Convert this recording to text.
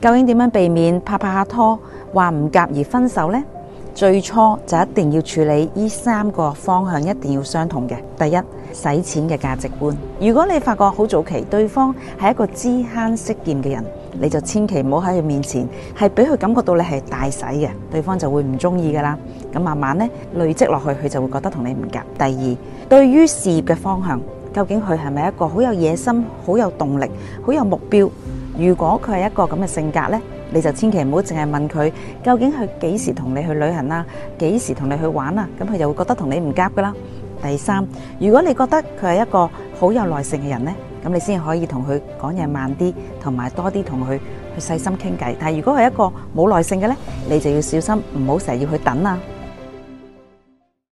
究竟點樣避免拍拍拖話唔夾而分手呢？最初就一定要處理呢三個方向，一定要相同嘅。第一，使錢嘅價值觀。如果你發覺好早期對方係一個知慳識儉嘅人，你就千祈唔好喺佢面前係俾佢感覺到你係大使嘅，對方就會唔中意噶啦。咁慢慢咧累積落去，佢就會覺得同你唔夾。第二，對於事業嘅方向，究竟佢係咪一個好有野心、好有動力、好有目標？如果佢係一個咁嘅性格咧，你就千祈唔好淨係問佢究竟佢幾時同你去旅行啊，幾時同你去玩啊，咁佢就會覺得同你唔夾噶啦。第三，如果你覺得佢係一個好有耐性嘅人呢，咁你先可以同佢講嘢慢啲，同埋多啲同佢去細心傾偈。但係如果係一個冇耐性嘅咧，你就要小心，唔好成日要去等啊。